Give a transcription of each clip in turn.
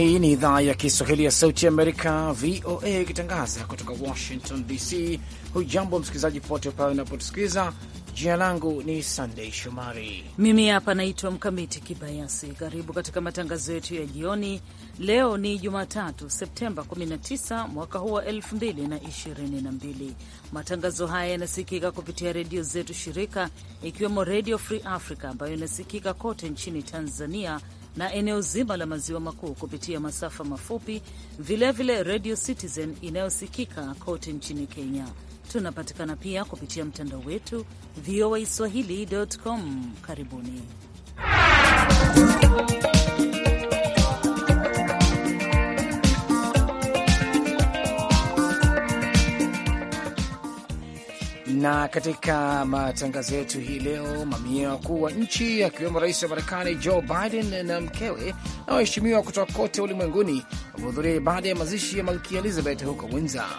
Hii ni idhaa ya Kiswahili ya Sauti Amerika, VOA, ikitangaza kutoka Washington DC. Hujambo msikilizaji popote pale unapotusikiliza. Jina langu ni Sandei Shomari, mimi hapa naitwa Mkamiti Kibayasi. Karibu katika matangazo yetu ya jioni. Leo ni Jumatatu, Septemba 19 mwaka huu wa 2022. Matangazo haya yanasikika kupitia redio zetu shirika, ikiwemo Redio Free Africa ambayo inasikika kote nchini Tanzania na eneo zima la maziwa makuu kupitia masafa mafupi, vilevile Radio Citizen inayosikika kote nchini Kenya. Tunapatikana pia kupitia mtandao wetu voa swahilicom Karibuni. na katika matangazo yetu hii leo, mamia ya wakuu wa nchi akiwemo rais wa Marekani Joe Biden na mkewe na waheshimiwa kutoka kote ulimwenguni wamehudhuria ibada ya mazishi ya malkia Elizabeth huko Windsor.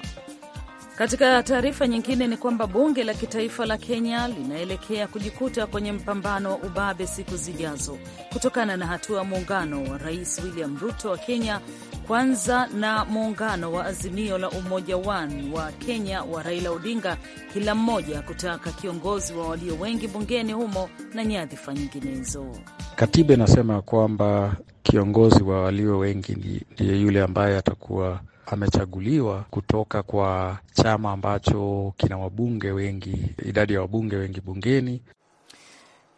Katika taarifa nyingine ni kwamba bunge la kitaifa la Kenya linaelekea kujikuta kwenye mpambano wa ubabe siku zijazo kutokana na hatua ya muungano wa rais William Ruto wa Kenya kwanza na muungano wa Azimio la Umoja One wa Kenya wa Raila Odinga, kila mmoja kutaka kiongozi wa walio wengi bungeni humo na nyadhifa nyinginezo. Katiba inasema ya kwamba kiongozi wa walio wengi ndiye yule ambaye atakuwa amechaguliwa kutoka kwa chama ambacho kina wabunge wengi, idadi ya wabunge wengi bungeni,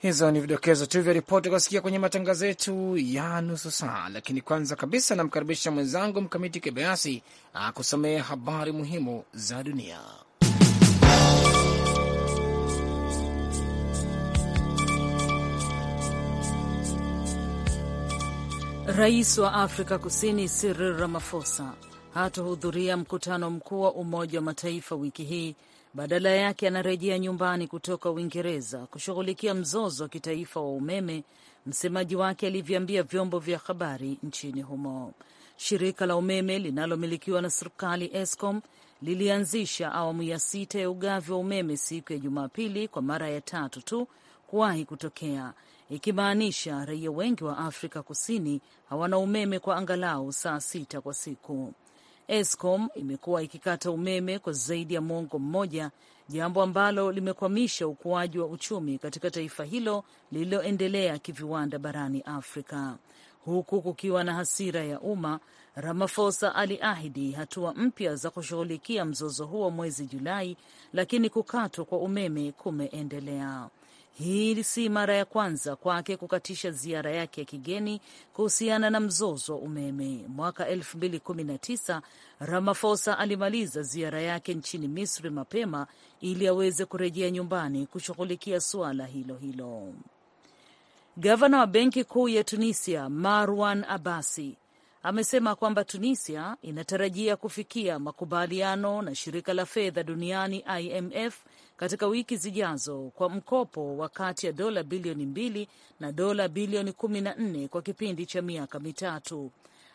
Hizo ni vidokezo tu vya ripoti ukasikia kwenye matangazo yetu ya nusu saa, lakini kwanza kabisa namkaribisha mwenzangu Mkamiti Kibayasi akusomea habari muhimu za dunia. Rais wa Afrika Kusini Cyril Ramaphosa hatohudhuria mkutano mkuu wa Umoja wa Mataifa wiki hii badala yake anarejea nyumbani kutoka Uingereza kushughulikia mzozo wa kitaifa wa umeme, msemaji wake alivyoambia vyombo vya habari nchini humo. Shirika la umeme linalomilikiwa na serikali Eskom lilianzisha awamu ya sita ya ugavi wa umeme siku ya Jumapili kwa mara ya tatu tu kuwahi kutokea, ikimaanisha raia wengi wa Afrika Kusini hawana umeme kwa angalau saa sita kwa siku. Eskom imekuwa ikikata umeme kwa zaidi ya mwongo mmoja, jambo ambalo limekwamisha ukuaji wa uchumi katika taifa hilo lililoendelea kiviwanda barani Afrika. Huku kukiwa na hasira ya umma, Ramaphosa aliahidi hatua mpya za kushughulikia mzozo huo mwezi Julai, lakini kukatwa kwa umeme kumeendelea. Hii si mara ya kwanza kwake kukatisha ziara yake ya kigeni kuhusiana na mzozo wa umeme. Mwaka 2019 Ramaphosa alimaliza ziara yake nchini Misri mapema ili aweze kurejea nyumbani kushughulikia suala hilo hilo. Gavana wa Benki Kuu ya Tunisia Marwan abasi amesema kwamba Tunisia inatarajia kufikia makubaliano na shirika la fedha duniani IMF katika wiki zijazo kwa mkopo wa kati ya dola bilioni mbili na dola bilioni kumi na nne kwa kipindi cha miaka mitatu.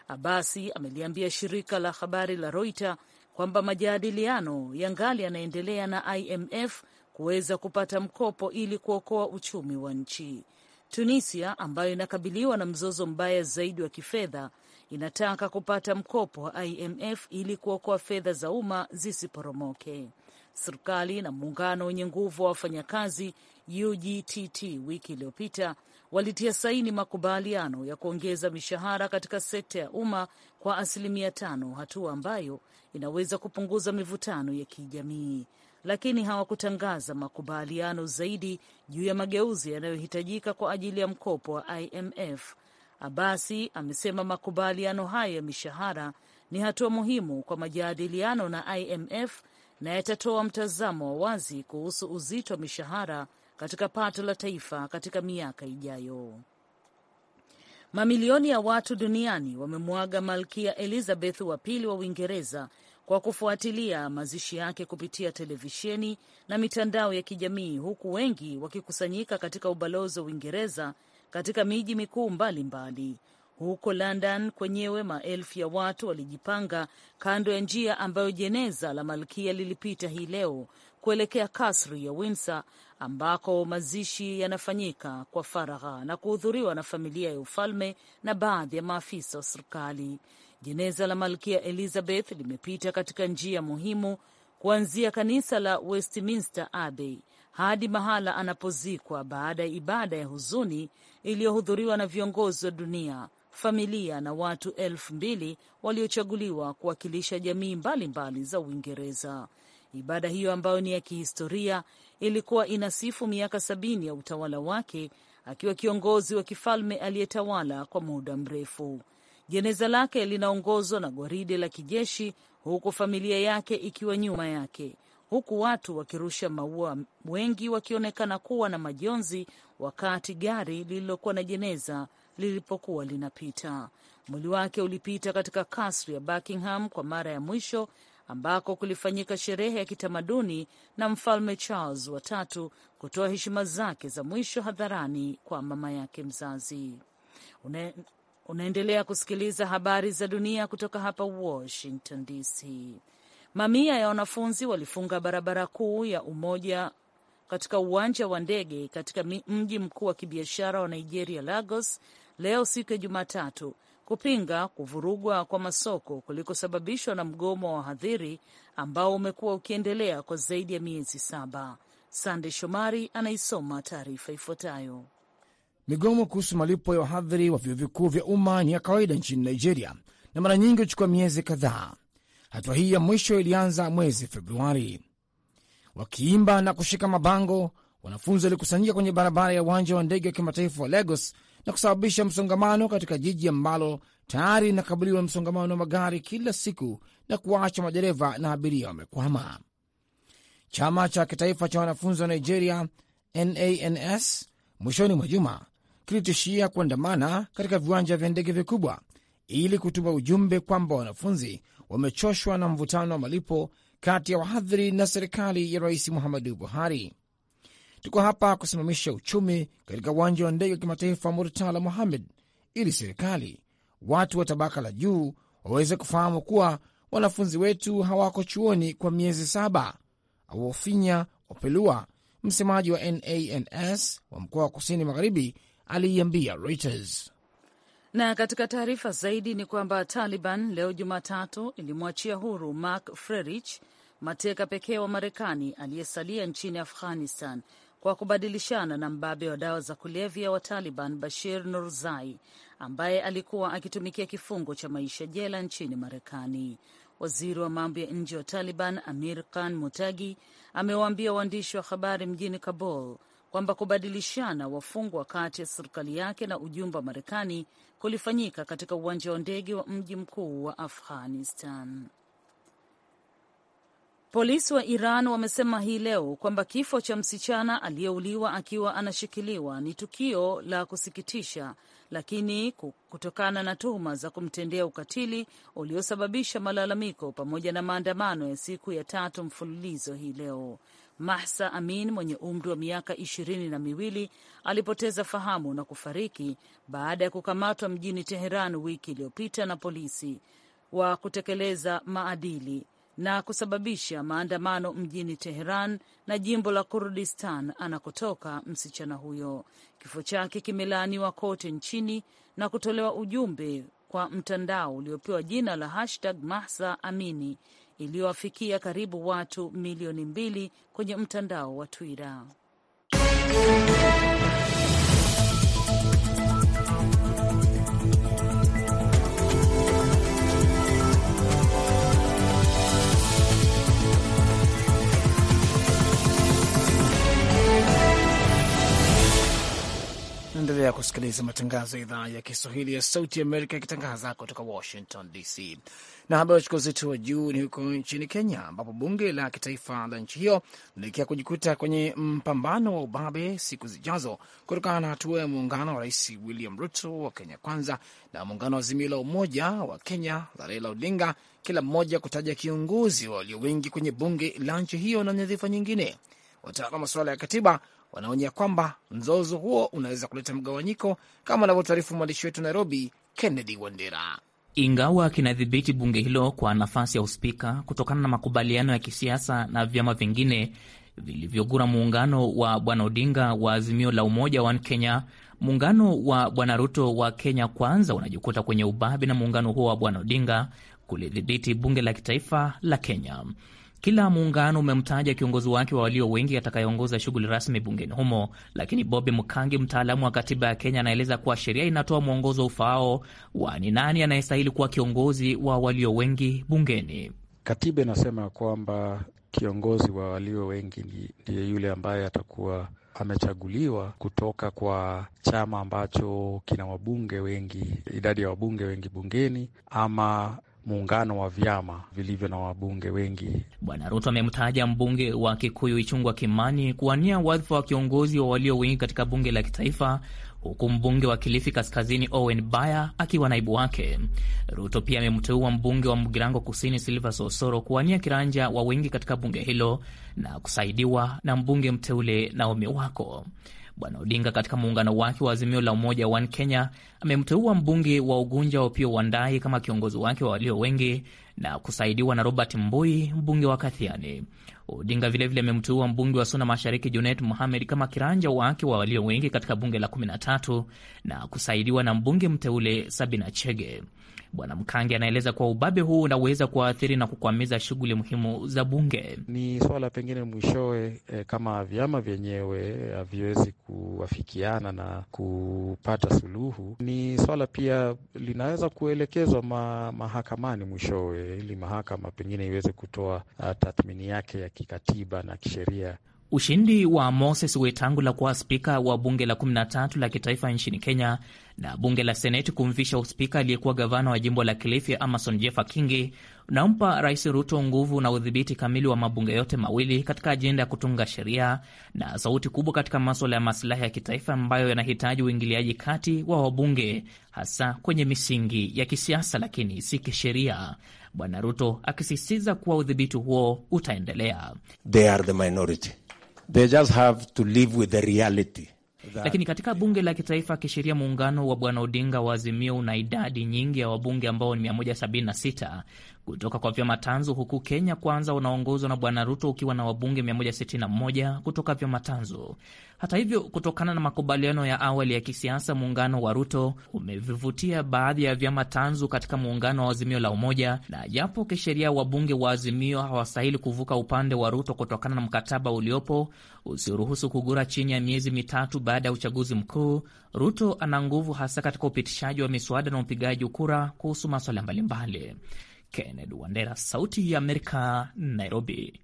Abasi ameliambia shirika la habari la Reuters kwamba majadiliano ya ngali yanaendelea na IMF kuweza kupata mkopo ili kuokoa uchumi wa nchi. Tunisia ambayo inakabiliwa na mzozo mbaya zaidi wa kifedha inataka kupata mkopo wa IMF ili kuokoa fedha za umma zisiporomoke. Serikali na muungano wenye nguvu wa wafanyakazi UGTT wiki iliyopita walitia saini makubaliano ya kuongeza mishahara katika sekta ya umma kwa asilimia tano, hatua ambayo inaweza kupunguza mivutano ya kijamii, lakini hawakutangaza makubaliano zaidi juu ya mageuzi yanayohitajika kwa ajili ya mkopo wa IMF. Abasi amesema makubaliano hayo ya mishahara ni hatua muhimu kwa majadiliano na IMF na yatatoa mtazamo wa wazi kuhusu uzito wa mishahara katika pato la taifa katika miaka ijayo. Mamilioni ya watu duniani wamemwaga Malkia Elizabeth wa pili wa Uingereza kwa kufuatilia mazishi yake kupitia televisheni na mitandao ya kijamii, huku wengi wakikusanyika katika ubalozi wa Uingereza katika miji mikuu mbalimbali huko London kwenyewe maelfu ya watu walijipanga kando ya njia ambayo jeneza la malkia lilipita hii leo kuelekea kasri ya Windsor ambako mazishi yanafanyika kwa faragha na kuhudhuriwa na familia ya ufalme na baadhi ya maafisa wa serikali. Jeneza la malkia Elizabeth limepita katika njia muhimu kuanzia kanisa la Westminster Abbey hadi mahala anapozikwa baada ya ibada ya huzuni iliyohudhuriwa na viongozi wa dunia familia na watu elfu mbili waliochaguliwa kuwakilisha jamii mbalimbali mbali za Uingereza. Ibada hiyo ambayo ni ya kihistoria ilikuwa inasifu miaka sabini ya utawala wake akiwa kiongozi wa kifalme aliyetawala kwa muda mrefu. Jeneza lake linaongozwa na gwaride la kijeshi huku familia yake ikiwa nyuma yake, huku watu wakirusha maua, wengi wakionekana kuwa na majonzi, wakati gari lililokuwa na jeneza lilipokuwa linapita. Mwili wake ulipita katika kasri ya Buckingham kwa mara ya mwisho ambako kulifanyika sherehe ya kitamaduni na Mfalme Charles watatu kutoa heshima zake za mwisho hadharani kwa mama yake mzazi. Une, unaendelea kusikiliza habari za dunia kutoka hapa Washington DC. Mamia ya wanafunzi walifunga barabara kuu ya Umoja katika uwanja wa ndege katika mji mkuu wa kibiashara wa Nigeria, Lagos, leo siku ya Jumatatu kupinga kuvurugwa kwa masoko kulikosababishwa na mgomo wa wahadhiri ambao umekuwa ukiendelea kwa zaidi ya miezi saba. Sande Shomari anaisoma taarifa ifuatayo. Migomo kuhusu malipo ya wahadhiri wa vyuo vikuu vya umma ni ya kawaida nchini Nigeria na mara nyingi huchukua miezi kadhaa. Hatua hii ya mwisho ilianza mwezi Februari. Wakiimba na kushika mabango, wanafunzi walikusanyika kwenye barabara ya uwanja wa ndege wa kimataifa wa Lagos na kusababisha msongamano katika jiji ambalo tayari linakabiliwa na msongamano wa magari kila siku na kuwaacha madereva na abiria wamekwama. Chama cha kitaifa cha wanafunzi wa Nigeria NANS mwishoni mwa juma kilitishia kuandamana katika viwanja vya ndege vikubwa ili kutuma ujumbe kwamba wanafunzi wamechoshwa na mvutano wa malipo kati ya wahadhiri na serikali ya Rais Muhammadu Buhari. Tuko hapa kusimamisha uchumi katika uwanja wa ndege wa kimataifa wa Murtala Mohammed ili serikali, watu wa tabaka la juu waweze kufahamu kuwa wanafunzi wetu hawako chuoni kwa miezi saba. awofinya Opelua, msemaji wa NANS wa mkoa wa kusini magharibi, aliiambia Reuters. Na katika taarifa zaidi ni kwamba Taliban leo Jumatatu ilimwachia huru Mark Frerich, mateka pekee wa Marekani aliyesalia nchini Afghanistan kwa kubadilishana na mbabe wa dawa za kulevya wa Taliban Bashir Nurzai ambaye alikuwa akitumikia kifungo cha maisha jela nchini Marekani. Waziri wa mambo ya nje wa Taliban Amir Khan Mutagi amewaambia waandishi wa habari mjini Kabul kwamba kubadilishana wafungwa kati ya serikali yake na ujumbe wa Marekani kulifanyika katika uwanja wa ndege wa mji mkuu wa Afghanistan. Polisi wa Iran wamesema hii leo kwamba kifo cha msichana aliyeuliwa akiwa anashikiliwa ni tukio la kusikitisha, lakini kutokana na tuhuma za kumtendea ukatili uliosababisha malalamiko pamoja na maandamano ya siku ya tatu mfululizo hii leo. Mahsa Amin mwenye umri wa miaka ishirini na miwili alipoteza fahamu na kufariki baada ya kukamatwa mjini Teheran wiki iliyopita na polisi wa kutekeleza maadili na kusababisha maandamano mjini Teheran na jimbo la Kurdistan anakotoka msichana huyo. Kifo chake kimelaaniwa kote nchini na kutolewa ujumbe kwa mtandao uliopewa jina la hashtag Mahsa Amini iliyowafikia karibu watu milioni mbili kwenye mtandao wa Twitter. Unaendelea kusikiliza matangazo ya idhaa ya Kiswahili ya Sauti Amerika ikitangaza kutoka Washington DC. Na habari wachukua uzito wa juu ni huko nchini Kenya, ambapo bunge la kitaifa la nchi hiyo linaelekea kujikuta kwenye mpambano wa ubabe siku zijazo kutokana na hatua ya muungano wa Rais William Ruto wa Kenya Kwanza na muungano wa Azimio la Umoja wa Kenya la Raila Odinga, kila mmoja kutaja kiongozi walio wengi kwenye bunge la nchi hiyo na nyadhifa nyingine. Wataalamu wa masuala ya katiba wanaonya kwamba mzozo huo unaweza kuleta mgawanyiko, kama anavyotaarifu mwandishi wetu Nairobi, Kennedy Wandera. Ingawa kinadhibiti bunge hilo kwa nafasi ya uspika kutokana na makubaliano ya kisiasa na vyama vingine vilivyogura muungano wa Bwana Odinga wa Azimio la Umoja wa Kenya, muungano wa Bwana Ruto wa Kenya Kwanza unajikuta kwenye ubabi na muungano huo wa Bwana Odinga kulidhibiti bunge la kitaifa la Kenya. Kila muungano umemtaja kiongozi wake wa walio wengi atakayeongoza shughuli rasmi bungeni humo, lakini Bobi Mkangi, mtaalamu wa katiba ya Kenya, anaeleza kuwa sheria inatoa mwongozo ufaao wa ni nani anayestahili kuwa kiongozi wa walio wengi bungeni. Katiba inasema kwamba kiongozi wa walio wengi ndiye yule ambaye atakuwa amechaguliwa kutoka kwa chama ambacho kina wabunge wengi, idadi ya wabunge wengi bungeni, ama muungano wa vyama vilivyo na wabunge wengi. Bwana Ruto amemtaja mbunge wa Kikuyu Ichungwa Kimani kuwania wadhifa wa kiongozi wa walio wengi katika bunge la kitaifa huku mbunge wa Kilifi Kaskazini Owen Baya akiwa naibu wake. Ruto pia amemteua mbunge wa Mgirango Kusini silva sosoro kuwania kiranja wa wengi katika bunge hilo na kusaidiwa na mbunge mteule Naomi Wako. Bwana Odinga katika muungano wake wa Azimio la Umoja One Kenya amemteua mbunge wa Ugunja Opiyo Wandayi kama kiongozi wake wa walio wengi na kusaidiwa na Robert Mbui, mbunge wa Kathiani. Odinga vilevile amemteua mbunge wa Suna Mashariki Junet Muhamed kama kiranja wake wa walio wengi katika bunge la 13 na kusaidiwa na mbunge mteule Sabina Chege. Bwana Mkange anaeleza kuwa ubabe huu unaweza kuwaathiri na kukwamiza shughuli muhimu za bunge. Ni swala pengine mwishowe, eh, kama vyama vyenyewe haviwezi kuafikiana na kupata suluhu, ni swala pia linaweza kuelekezwa ma, mahakamani mwishowe, ili mahakama pengine iweze kutoa ah, tathmini yake ya kikatiba na kisheria. Ushindi wa Moses Wetangula kuwa spika wa bunge la 13 la kitaifa nchini Kenya na bunge la Seneti kumvisha uspika aliyekuwa gavana wa jimbo la Kilifi Amason Jeffa Kingi unampa Rais Ruto nguvu na udhibiti kamili wa mabunge yote mawili katika ajenda ya kutunga sheria na sauti kubwa katika maswala ya masilahi ya kitaifa ambayo yanahitaji uingiliaji kati wa wabunge hasa kwenye misingi ya kisiasa, lakini si kisheria, Bwana Ruto akisisitiza kuwa udhibiti huo utaendelea. They are the minority. They just have to live with the reality. Lakini katika bunge la kitaifa kisheria, muungano wa Bwana Odinga wa Azimio una idadi nyingi ya wabunge ambao ni 176 kutoka kwa vyama tanzu, huku Kenya Kwanza unaongozwa na Bwana Ruto ukiwa na wabunge 161 kutoka vyama tanzu. Hata hivyo, kutokana na makubaliano ya awali ya kisiasa, muungano wa Ruto umevivutia baadhi ya vyama tanzu katika muungano wa Azimio la Umoja, na japo kisheria wabunge wa Azimio hawastahili kuvuka upande wa Ruto kutokana na mkataba uliopo usioruhusu kugura chini ya miezi mitatu baada ya uchaguzi mkuu, Ruto ana nguvu hasa katika upitishaji wa miswada na upigaji kura kuhusu maswala mbalimbali. Kenneth Wandera, Sauti ya Amerika, Nairobi.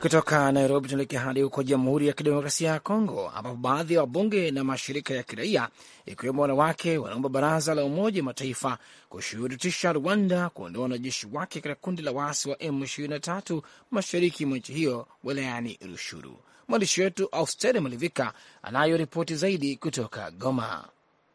Kutoka Nairobi tunaelekea hadi huko Jamhuri ya Kidemokrasia ya Kongo, ambapo baadhi ya wabunge na mashirika ya kiraia ikiwemo wanawake wanaomba baraza la Umoja wa Mataifa kushurutisha Rwanda kuondoa wanajeshi wake katika kundi la waasi wa M23 mashariki mwa nchi hiyo wilayani Rushuru. Mwandishi wetu Austeri Malivika anayo ripoti zaidi kutoka Goma.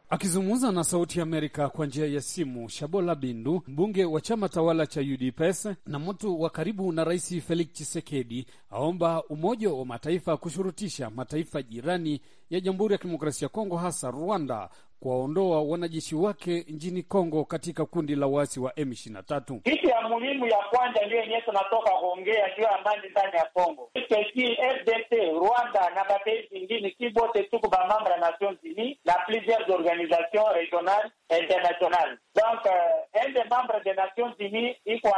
Akizungumza na Sauti ya Amerika kwa njia ya simu, Shabola Bindu, mbunge wa chama tawala cha UDPS na mtu wa karibu na Rais Felix chisekedi aomba Umoja wa Mataifa kushurutisha mataifa jirani ya Jamhuri ya Kidemokrasia ya Kongo, hasa Rwanda, kuwaondoa wanajeshi wake nchini Kongo katika kundi la waasi wa M23. Kitu ya muhimu ya kwanza ndio yenyewe tunatoka kuongea juu ya amani ndani ya Kongo. FDC, Rwanda na mapei zingine si bote bamambra ba membre na plusieurs organisations regionales internationales. Donc, euh, un des membres des Nations Unies iko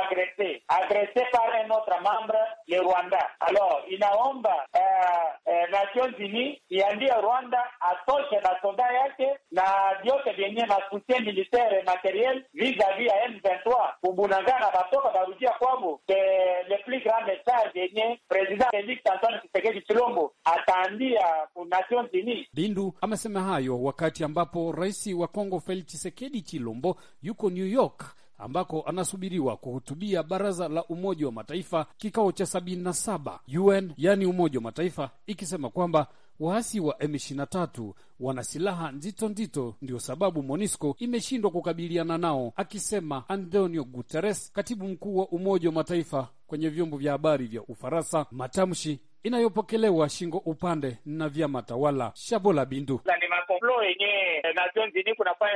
soutien militaire et matériel vis-à-vis ya M23 kubunanga na batoka barudia kwabo. Le plus grand message yenye President Felix Antoine Tshisekedi Chilombo ataandia ku euh, Nations Unies. Bindu amesema hayo wakati ambapo rais wa Kongo Felix Tshisekedi Chilombo yuko New York ambako anasubiriwa kuhutubia baraza la Umoja wa Mataifa kikao cha 77 UN yani Umoja wa Mataifa, ikisema kwamba waasi wa M23 wana silaha nzito nzito, ndio sababu monisco imeshindwa kukabiliana nao, akisema Antonio Guterres, katibu mkuu wa Umoja wa Mataifa, kwenye vyombo vya habari vya Ufaransa, matamshi inayopokelewa shingo upande na vyama tawala. Shabola Bindu na ni makoplo yenye eh, Nations Unies kunafanya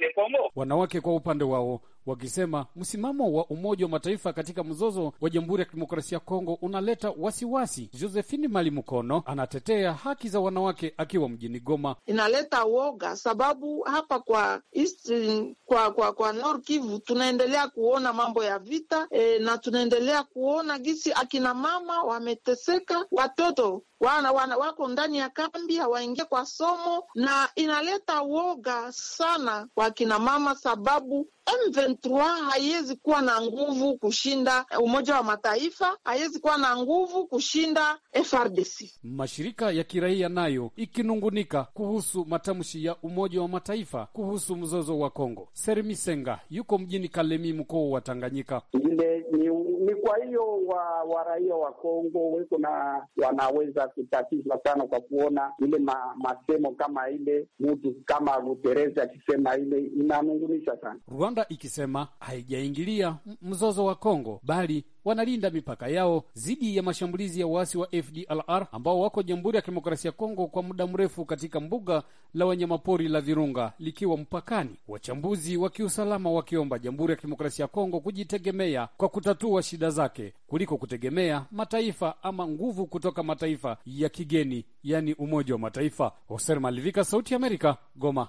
le Congo. Wanawake kwa upande wao wakisema msimamo wa Umoja wa Mataifa katika mzozo wa Jamhuri ya Kidemokrasia ya Kongo unaleta wasiwasi. Josephine Malimukono anatetea haki za wanawake akiwa mjini Goma. Inaleta woga sababu hapa kwa East, kwa kwa kwa Nord Kivu tunaendelea kuona mambo ya vita e, na tunaendelea kuona gisi akina mama wameteseka, watoto wana, wana, wako ndani ya kambi hawaingie kwa somo, na inaleta woga sana kwa mama, sababu M23 haiwezi kuwa na nguvu kushinda Umoja wa Mataifa, haiwezi kuwa na nguvu kushinda FRDC. Mashirika ya kiraia nayo ikinungunika kuhusu matamshi ya Umoja wa Mataifa kuhusu mzozo wa Kongo. Sermisenga yuko mjini Kalemi, mkoa wa Tanganyika. ni, ni kwa hiyo wa, wa raia wa Kongo weko na wanaweza kutatizwa sana kwa kuona ile ma, masemo kama ile mtu kama Guterres akisema ile inanungunisha sana. Rwanda ikisema haijaingilia mzozo wa Kongo bali wanalinda mipaka yao dhidi ya mashambulizi ya waasi wa FDLR ambao wako Jamhuri ya Kidemokrasia ya Kongo kwa muda mrefu katika mbuga la wanyamapori la Virunga likiwa mpakani, wachambuzi wa kiusalama wakiomba Jamhuri ya Kidemokrasia ya Kongo kujitegemea kwa kutatua shida zake kuliko kutegemea mataifa ama nguvu kutoka mataifa ya kigeni, yani Umoja wa Mataifa. Hoser Malivika, Sauti ya Amerika, Goma.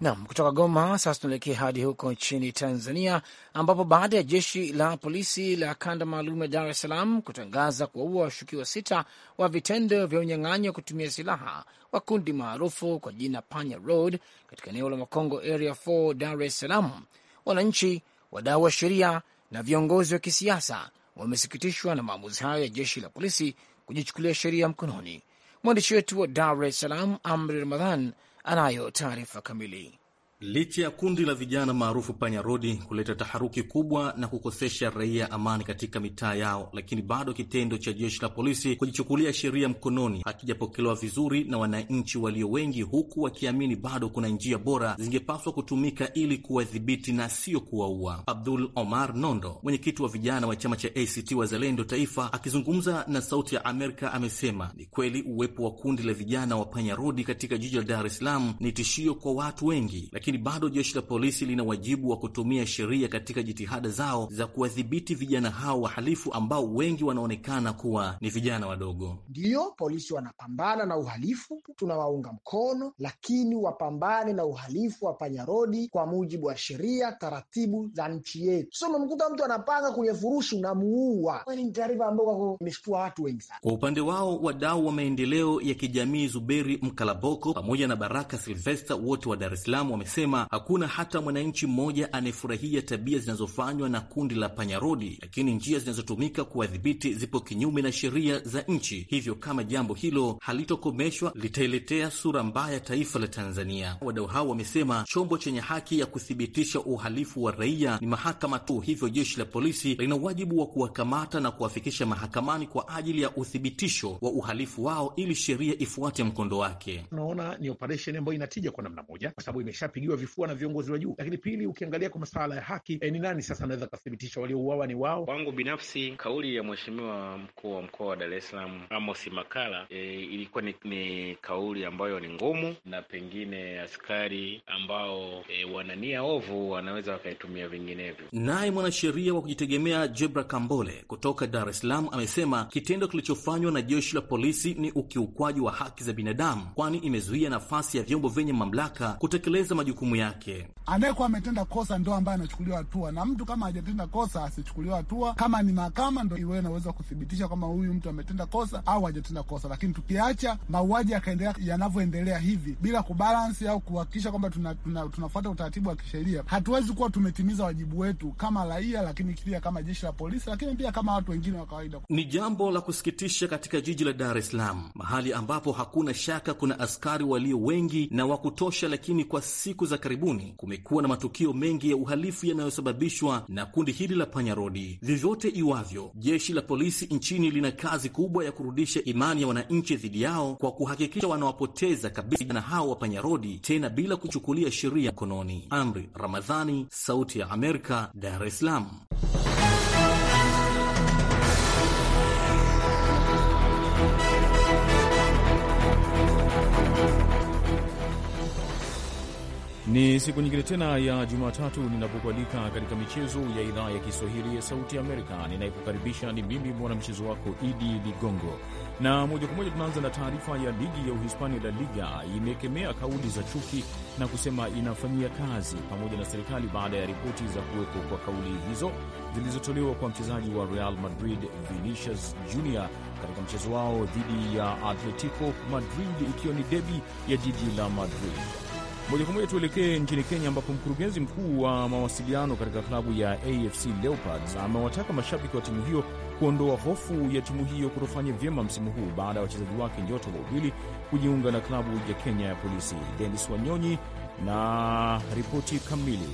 Nam kutoka Goma. Sasa tunaelekea hadi huko nchini Tanzania, ambapo baada ya jeshi la polisi la kanda maalum ya Dar es Salaam kutangaza kuwaua washukiwa sita wa vitendo vya unyang'anyi wa kutumia silaha wa kundi maarufu kwa jina Panya Road katika eneo la Makongo Area 4 Dar es Salaam, wananchi, wadau wa sheria na viongozi wa kisiasa wamesikitishwa na maamuzi hayo ya jeshi la polisi kujichukulia sheria mkononi. Mwandishi wetu wa Dar es Salaam, Amri Ramadhan, anayo taarifa kamili. Licha ya kundi la vijana maarufu panya rodi kuleta taharuki kubwa na kukosesha raia amani katika mitaa yao, lakini bado kitendo cha jeshi la polisi kujichukulia sheria mkononi hakijapokelewa vizuri na wananchi walio wengi, huku wakiamini bado kuna njia bora zingepaswa kutumika ili kuwadhibiti na sio kuwaua. Abdul Omar Nondo, mwenyekiti wa vijana wa chama cha ACT Wazalendo Taifa, akizungumza na Sauti ya Amerika, amesema ni kweli uwepo wa kundi la vijana wa panya rodi katika jiji la Dar es Salaam ni tishio kwa watu wengi, lakini bado jeshi la polisi lina wajibu wa kutumia sheria katika jitihada zao za kuwadhibiti vijana hao wahalifu ambao wengi wanaonekana kuwa ni vijana wadogo. Ndiyo, polisi wanapambana na uhalifu, tunawaunga mkono, lakini wapambane na uhalifu wa panyarodi kwa mujibu wa sheria, taratibu za nchi yetu. So umemkuta mtu anapanga kwenye furushi, unamuua. Ni taarifa ambayo imeshtua watu wengi sana. Kwa upande wao, wadau wa maendeleo ya kijamii Zuberi Mkalaboko pamoja na Baraka Silvesta, wote wa Dar es Salaam, wamesema anasema hakuna hata mwananchi mmoja anayefurahia tabia zinazofanywa na kundi la panyarodi, lakini njia zinazotumika kuwadhibiti zipo kinyume na sheria za nchi. Hivyo kama jambo hilo halitokomeshwa litailetea sura mbaya taifa la Tanzania. Wadau hao wamesema chombo chenye haki ya kuthibitisha uhalifu wa raia ni mahakama tu, hivyo jeshi la polisi lina wajibu wa kuwakamata na kuwafikisha mahakamani kwa ajili ya uthibitisho wa uhalifu wao ili sheria ifuate mkondo wake. ni operesheni ambayo inatija kwa namna moja, kwa sababu imeshapiga wapigiwa wa vifua na viongozi wa juu. Lakini pili, ukiangalia kwa masuala ya haki e, ni nani sasa anaweza akathibitisha waliouawa ni wao? Kwangu binafsi, kauli ya mheshimiwa mkuu wa mkoa wa Dar es Salaam Amos Makala e, eh, ilikuwa ni, ni kauli ambayo ni ngumu, na pengine askari ambao e, eh, wanania ovu wanaweza wakaitumia vinginevyo. Naye mwanasheria wa kujitegemea Jebra Kambole kutoka Dar es Salaam amesema kitendo kilichofanywa na jeshi la polisi ni ukiukwaji wa haki za binadamu, kwani imezuia nafasi ya vyombo vyenye mamlaka kutekeleza majukumu majukumu yake. Anayekuwa ametenda kosa ndo ambaye anachukuliwa hatua, na mtu kama hajatenda kosa asichukuliwa hatua. Kama ni mahakama, ndo iwe inaweza kuthibitisha kwamba huyu mtu ametenda kosa au hajatenda kosa. Lakini tukiacha mauaji yakaendelea yanavyoendelea hivi bila kubalansi au kuhakikisha kwamba tunafuata tuna, tuna utaratibu wa kisheria, hatuwezi kuwa tumetimiza wajibu wetu kama raia, lakini pia kama jeshi la polisi, lakini pia kama watu wengine wa kawaida. Ni jambo la kusikitisha katika jiji la Dar es Salaam, mahali ambapo hakuna shaka kuna askari walio wengi na wa kutosha, lakini kwa siku za karibuni kumekuwa na matukio mengi ya uhalifu yanayosababishwa na kundi hili la panyarodi. Vyovyote iwavyo, jeshi la polisi nchini lina kazi kubwa ya kurudisha imani ya wananchi dhidi yao kwa kuhakikisha wanawapoteza kabisa vijana hao wa panyarodi, tena bila kuchukulia sheria mkononi. Amri Ramadhani, Sauti ya Amerika, Dar es Salaam. Ni siku nyingine tena ya Jumatatu ninapokualika katika michezo ya idhaa ya Kiswahili ya Sauti ya Amerika. Ninayekukaribisha ni mimi mwanamchezo wako Idi Ligongo, na moja kwa moja tunaanza na taarifa ya ligi ya Uhispania. La Liga imekemea kauli za chuki na kusema inafanyia kazi pamoja na serikali baada ya ripoti za kuwepo kwa kauli hizo zilizotolewa kwa mchezaji wa Real Madrid Vinicius Junior katika mchezo wao dhidi ya Atletico Madrid, ikiwa ni debi ya jiji la Madrid. Moja kwa moja tuelekee nchini Kenya, ambapo mkurugenzi mkuu wa mawasiliano katika klabu ya AFC Leopards amewataka mashabiki wa timu hiyo kuondoa hofu ya timu hiyo kutofanya vyema msimu huu baada ya wachezaji wake nyota wawili kujiunga na klabu ya Kenya ya polisi. Denis Wanyonyi na ripoti kamili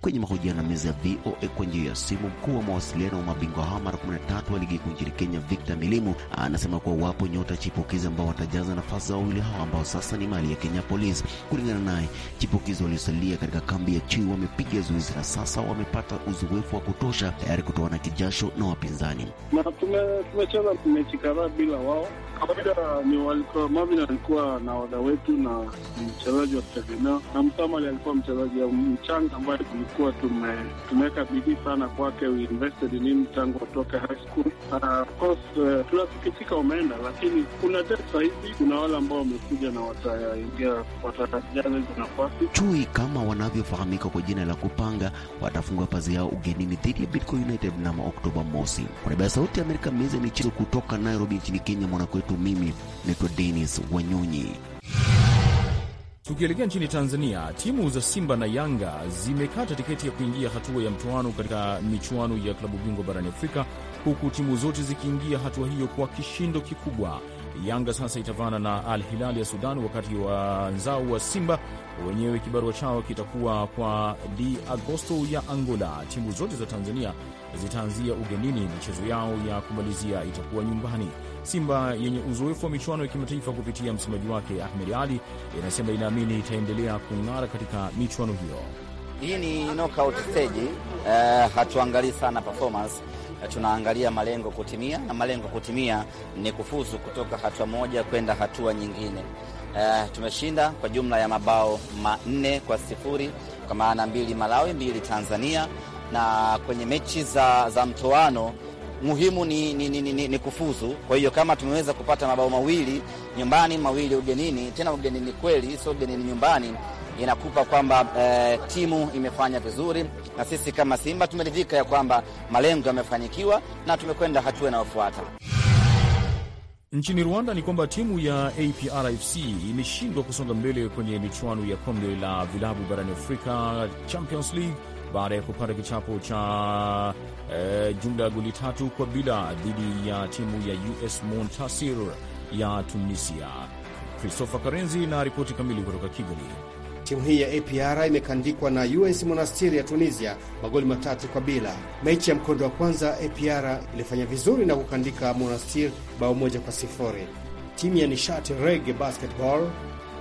kwenye mahojiano na meza ya VOA kwa njia ya simu. Mkuu wa mawasiliano wa mabingwa hao mara 13 wa ligi kuu nchini Kenya, Victor Milimu, anasema kuwa wapo nyota chipukizi ambao watajaza nafasi za wawili hao ambao sasa ni mali ya Kenya Police. Kulingana naye, chipukizi waliosalia katika kambi ya Chui wamepiga zoezi na sasa wamepata uzoefu wa kutosha, tayari kutoana kijasho na wapinzani. Na tumecheza mechi kadhaa bila wao. Kawaida ni walikuwa Mavin alikuwa na wada wetu na mchezaji wa kutegemea na Msamali alikuwa mchezaji mchanga ambaye kuwa tumeweka bidii sana kwake, we invested in him tangu atoke high school. Uh, of course uh, tunasikitika umeenda, lakini kuna det sahizi, kuna wale ambao wamekuja na wataingia watatafijana hizo nafasi. Chui kama wanavyofahamika kwa jina la kupanga watafungua pazi yao ugenini dhidi ya Bidco United mnamo Oktoba mosi. Kwa niaba ya Sauti ya Amerika, meza ya michezo kutoka Nairobi nchini Kenya, mwanakwetu mimi naitwa Dennis Wanyonyi. Tukielekea nchini Tanzania, timu za Simba na Yanga zimekata tiketi ya kuingia hatua ya mtoano katika michuano ya klabu bingwa barani Afrika, huku timu zote zikiingia hatua hiyo kwa kishindo kikubwa. Yanga sasa itavana na Al Hilal ya Sudan, wakati wenzao wa Simba wenyewe kibarua chao kitakuwa kwa Di Agosto ya Angola. Timu zote za Tanzania zitaanzia ugenini, michezo yao ya kumalizia itakuwa nyumbani. Simba yenye uzoefu wa michuano ya kimataifa kupitia msemaji wake Ahmed Ali inasema inaamini itaendelea kung'ara katika michuano hiyo. Hii ni knockout stage. Uh, hatuangalii sana performance tunaangalia malengo kutimia, na malengo kutimia ni kufuzu kutoka hatua moja kwenda hatua nyingine. Uh, tumeshinda kwa jumla ya mabao manne kwa sifuri kwa maana mbili Malawi, mbili Tanzania, na kwenye mechi za, za mtoano muhimu ni, ni, ni, ni, ni kufuzu. Kwa hiyo kama tumeweza kupata mabao mawili nyumbani mawili ugenini, tena ugenini kweli, sio ugenini nyumbani, inakupa kwamba e, timu imefanya vizuri, na sisi kama Simba tumeridhika ya kwamba malengo yamefanyikiwa na tumekwenda hatua inayofuata. Nchini Rwanda ni kwamba timu ya APRFC imeshindwa kusonga mbele kwenye michuano ya kombe la vilabu barani Afrika, Champions League baada ya kupata kichapo cha e, jumla ya goli tatu kwa bila dhidi ya timu ya US Montasir ya Tunisia. Christopher Karenzi na ripoti kamili kutoka Kigali. Timu hii ya APR imekandikwa na US Monastir ya Tunisia magoli matatu kwa bila. Mechi ya mkondo wa kwanza, APR ilifanya vizuri na kukandika Monastir bao moja kwa sifuri. Timu ya Nishati Rege Basketball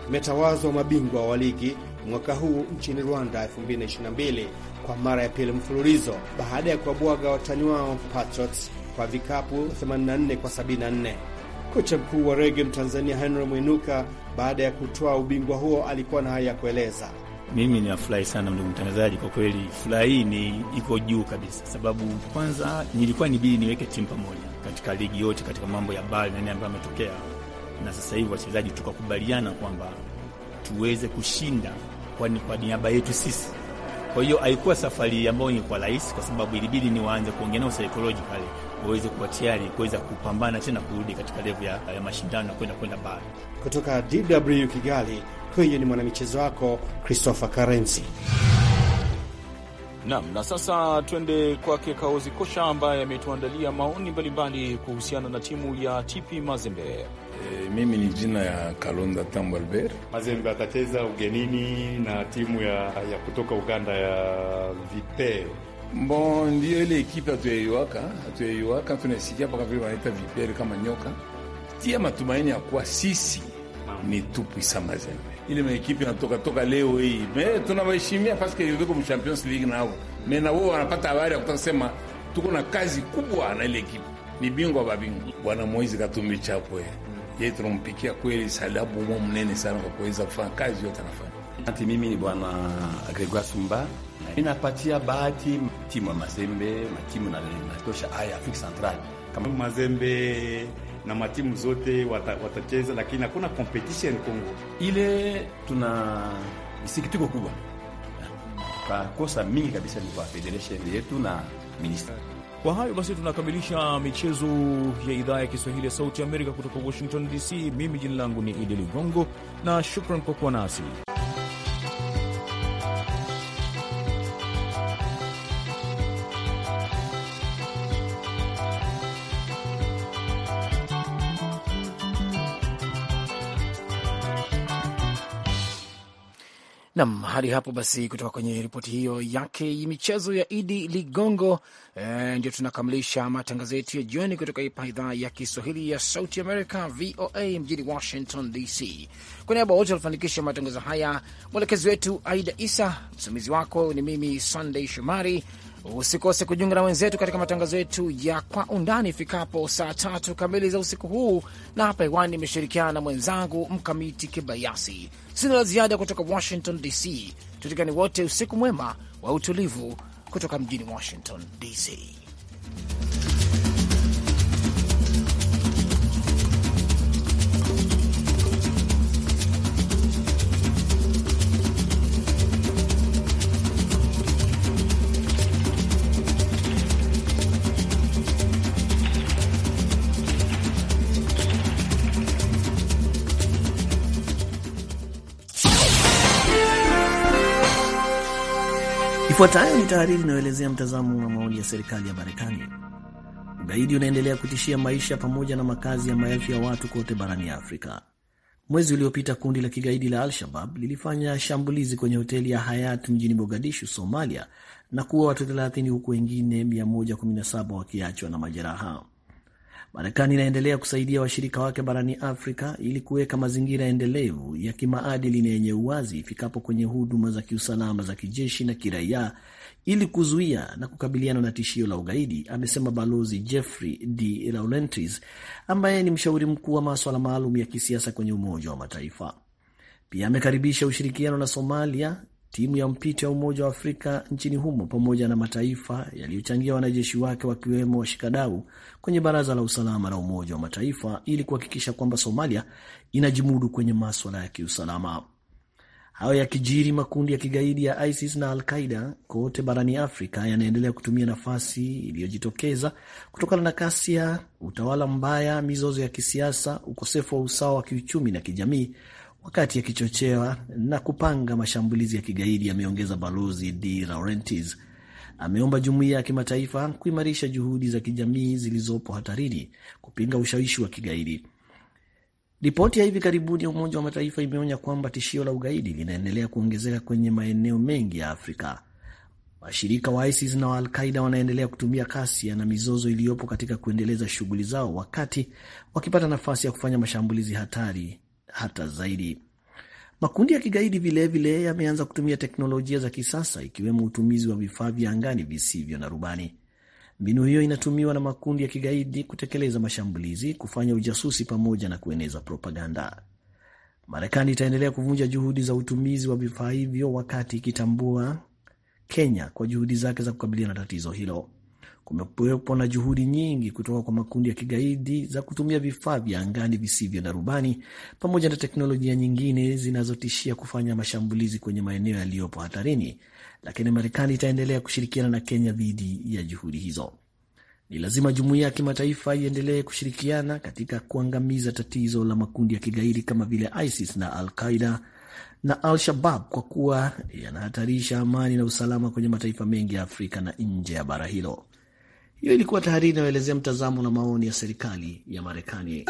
imetawazwa mabingwa wa ligi mwaka huu nchini Rwanda 2022 kwa mara ya pili mfululizo baada ya kuwabwaga watani wao Patriots kwa vikapu 84 kwa 74. Kocha mkuu wa rege Mtanzania Henry Mwinuka baada ya kutoa ubingwa huo alikuwa na haya ya kueleza. Mimi ninafurahi sana ndugu mtangazaji, kwa kweli furaha hii ni iko juu kabisa, sababu kwanza nilikuwa nibidi niweke timu pamoja katika ligi yote, katika mambo ya bali nani ambayo ametokea, na sasa hivi wachezaji tukakubaliana kwamba tuweze kushinda, kwani kwa niaba yetu sisi kwa hiyo haikuwa safari ambayo ilikuwa rahisi, kwa sababu ilibidi waanze kuongea nao pale waweze kuwa tayari kuweza kupambana tena kurudi katika levu ya, ya mashindano na kwenda kwenda bara. Kutoka DW Kigali, huyu ni mwanamichezo wako Christopher Karenzi. Nam, na sasa twende kwake Kaozi Kosha ambaye ametuandalia maoni mbalimbali kuhusiana na timu ya TP Mazembe. Eh, mimi ni jina ya Kalonda Tambo Albert. Mazembe atacheza ugenini na timu ya, ya kutoka Uganda ya Vipeo. Bon, ndio ile ekipe hatuyaiwaka, hatuyaiwaka, tunasikia mpaka vile wanaita vipele kama nyoka. Tia matumaini ya kuwa sisi ni tupwisa Mazembe, ile maekipe natoka toka leo hii me tunawaheshimia paske viko mu Champions League nao me na wao wanapata habari ya kutaka kusema tuko na kazi kubwa na ile ekipe ni bingwa babingwa. Bwana Moizi Katumbi chapwe yeye tunampikia kweli salabu umo mnene sana kwa kuweza kufanya kazi yote anafanya. Ati mimi ni bwana Gregoire Sumba inapatia bahati timu ya Mazembe matimu na natosha aya Afrika Central kama Mazembe na matimu zote watacheza wata, lakini hakuna competition Kongo ile. Tuna misikitiko kubwa kwa kosa mingi kabisa ni kwa federation yetu na minister kwa hayo basi, tunakamilisha michezo ya idhaa ya Kiswahili ya Sauti ya Amerika kutoka Washington DC. Mimi jina langu ni Idi Ligongo na shukran kwa kuwa nasi. Nam, hadi hapo basi, kutoka kwenye ripoti hiyo yake michezo ya Idi Ligongo. E, ndio tunakamilisha matangazo yetu ya jioni kutoka ipa idhaa ya Kiswahili ya Sauti Amerika, VOA mjini Washington DC. Kwa niaba wote walifanikisha matangazo haya, mwelekezi wetu Aida Isa, msimamizi wako ni mimi Sunday Shomari. Usikose kujiunga na wenzetu katika matangazo yetu ya Kwa Undani ifikapo saa tatu kamili za usiku huu, na hapa hewani imeshirikiana na mwenzangu Mkamiti Kibayasi. Sina la ziada kutoka Washington DC. Tutikani wote usiku mwema wa utulivu kutoka mjini Washington DC. Ifuatayo ni tahariri inayoelezea mtazamo wa maoni ya serikali ya Marekani. Ugaidi unaendelea kutishia maisha pamoja na makazi ya maelfu ya watu kote barani Afrika. Mwezi uliopita kundi la kigaidi la Al-Shabab lilifanya shambulizi kwenye hoteli ya Hayat mjini Mogadishu, Somalia, na kuua watu 30 huku wengine 117 wakiachwa na majeraha. Marekani inaendelea kusaidia washirika wake barani Afrika ili kuweka mazingira endelevu ya kimaadili na yenye uwazi ifikapo kwenye huduma za kiusalama za kijeshi na kiraia ili kuzuia na kukabiliana na tishio la ugaidi, amesema Balozi Jeffrey D Laurentis ambaye ni mshauri mkuu wa maswala maalum ya kisiasa kwenye Umoja wa Mataifa. Pia amekaribisha ushirikiano na Somalia timu ya mpito ya Umoja wa Afrika nchini humo pamoja na mataifa yaliyochangia wanajeshi wake wakiwemo washikadau kwenye Baraza la Usalama la Umoja wa Mataifa ili kuhakikisha kwamba Somalia inajimudu kwenye maswala ya kiusalama. Hayo yakijiri, makundi ya kigaidi ya ISIS na Al-Qaida kote barani Afrika yanaendelea kutumia nafasi iliyojitokeza kutokana na kasi ya utawala mbaya, mizozo ya kisiasa, ukosefu wa usawa wa kiuchumi na kijamii wakati akichochewa na kupanga mashambulizi ya kigaidi, ameongeza Balozi d Laurentis. Ameomba jumuiya ya kimataifa kuimarisha juhudi za kijamii zilizopo hatarini kupinga ushawishi wa kigaidi. Ripoti ya hivi karibuni ya Umoja wa Mataifa imeonya kwamba tishio la ugaidi linaendelea kuongezeka kwenye maeneo mengi ya Afrika. Washirika wa ISIS na wa Alqaida wanaendelea kutumia kasi na mizozo iliyopo katika kuendeleza shughuli zao, wakati wakipata nafasi ya kufanya mashambulizi hatari hata zaidi. Makundi ya kigaidi vilevile yameanza kutumia teknolojia za kisasa ikiwemo utumizi wa vifaa vya angani visivyo na rubani. Mbinu hiyo inatumiwa na makundi ya kigaidi kutekeleza mashambulizi, kufanya ujasusi pamoja na kueneza propaganda. Marekani itaendelea kuvunja juhudi za utumizi wa vifaa hivyo wakati ikitambua Kenya kwa juhudi zake za kukabiliana na tatizo hilo kumekuwepo na juhudi nyingi kutoka kwa makundi ya kigaidi za kutumia vifaa vya angani visivyo na rubani pamoja na teknolojia nyingine zinazotishia kufanya mashambulizi kwenye maeneo yaliyopo hatarini, lakini Marekani itaendelea kushirikiana na Kenya dhidi ya juhudi hizo. Ni lazima jumuiya ya kimataifa iendelee kushirikiana katika kuangamiza tatizo la makundi ya kigaidi kama vile ISIS na Al-Qaida na Al-Shabab kwa kuwa yanahatarisha amani na usalama kwenye mataifa mengi ya Afrika na nje ya bara hilo. Hiyo ilikuwa tahariri inayoelezea mtazamo na maoni ya serikali ya Marekani.